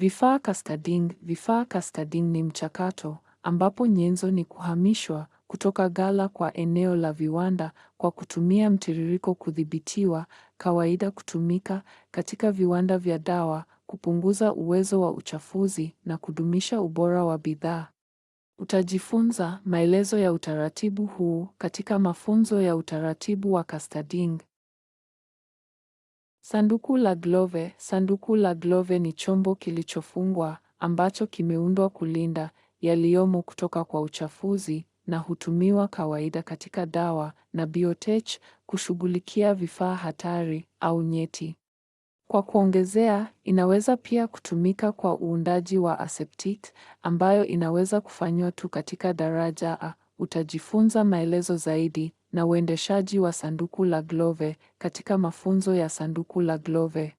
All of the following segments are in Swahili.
Vifaa cascading. Vifaa cascading ni mchakato ambapo nyenzo ni kuhamishwa kutoka ghala kwa eneo la viwanda kwa kutumia mtiririko kudhibitiwa, kawaida kutumika katika viwanda vya dawa kupunguza uwezo wa uchafuzi na kudumisha ubora wa bidhaa. Utajifunza maelezo ya utaratibu huu katika mafunzo ya utaratibu wa cascading. Sanduku la Glove. Sanduku la Glove ni chombo kilichofungwa ambacho kimeundwa kulinda yaliyomo kutoka kwa uchafuzi na hutumiwa kawaida katika dawa na biotech kushughulikia vifaa hatari au nyeti. Kwa kuongezea, inaweza pia kutumika kwa uundaji wa aseptic ambayo inaweza kufanywa tu katika daraja A. Utajifunza maelezo zaidi na uendeshaji wa sanduku la Glove katika mafunzo ya sanduku la Glove.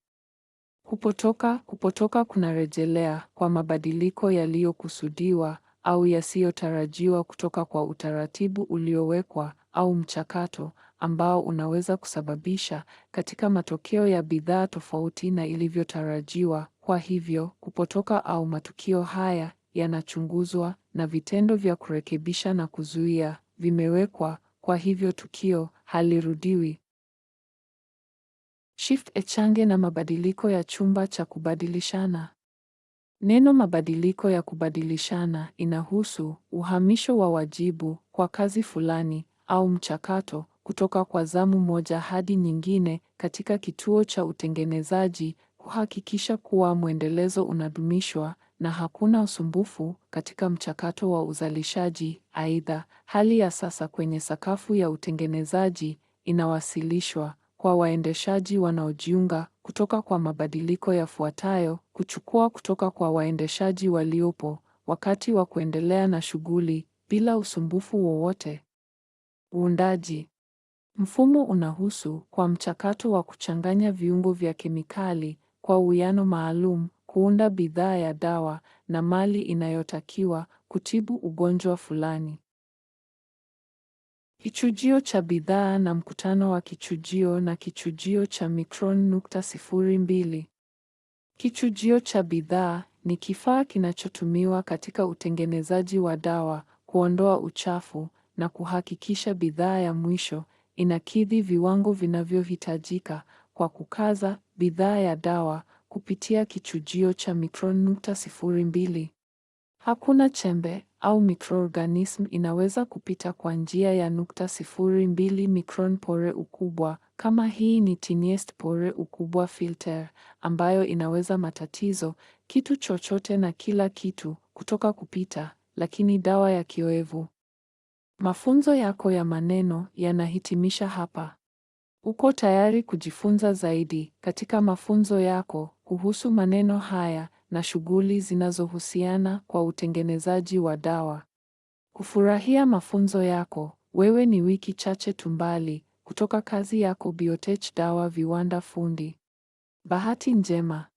Kupotoka kupotoka kunarejelea kwa mabadiliko yaliyokusudiwa au yasiyotarajiwa kutoka kwa utaratibu uliowekwa au mchakato ambao unaweza kusababisha katika matokeo ya bidhaa tofauti na ilivyotarajiwa. Kwa hivyo, kupotoka au matukio haya yanachunguzwa na vitendo vya kurekebisha na kuzuia vimewekwa kwa hivyo tukio halirudiwi. Shift Echange na mabadiliko ya chumba cha kubadilishana. Neno mabadiliko ya kubadilishana inahusu uhamisho wa wajibu kwa kazi fulani au mchakato kutoka kwa zamu moja hadi nyingine katika kituo cha utengenezaji kuhakikisha kuwa mwendelezo unadumishwa na hakuna usumbufu katika mchakato wa uzalishaji. Aidha, hali ya sasa kwenye sakafu ya utengenezaji inawasilishwa kwa waendeshaji wanaojiunga kutoka kwa mabadiliko yafuatayo: kuchukua kutoka kwa waendeshaji waliopo wakati wa kuendelea na shughuli bila usumbufu wowote. Uundaji mfumo unahusu kwa mchakato wa kuchanganya viungo vya kemikali kwa uwiano maalum, kuunda bidhaa ya dawa na mali inayotakiwa kutibu ugonjwa fulani. Kichujio cha bidhaa na mkutano wa kichujio na kichujio cha micron nukta sifuri mbili. Kichujio cha bidhaa ni kifaa kinachotumiwa katika utengenezaji wa dawa, kuondoa uchafu na kuhakikisha bidhaa ya mwisho inakidhi viwango vinavyohitajika kwa kukaza, bidhaa ya dawa kupitia kichujio cha micron nukta sifuri mbili. Hakuna chembe au microorganism inaweza kupita kwa njia ya nukta sifuri mbili micron pore ukubwa, kama hii ni tiniest pore ukubwa filter ambayo inaweza matatizo kitu chochote na kila kitu kutoka kupita, lakini dawa ya kioevu. Mafunzo yako ya maneno yanahitimisha hapa. Uko tayari kujifunza zaidi katika mafunzo yako kuhusu maneno haya na shughuli zinazohusiana kwa utengenezaji wa dawa. Kufurahia mafunzo yako. Wewe ni wiki chache tu mbali kutoka kazi yako Biotech Dawa Viwanda Fundi. Bahati njema.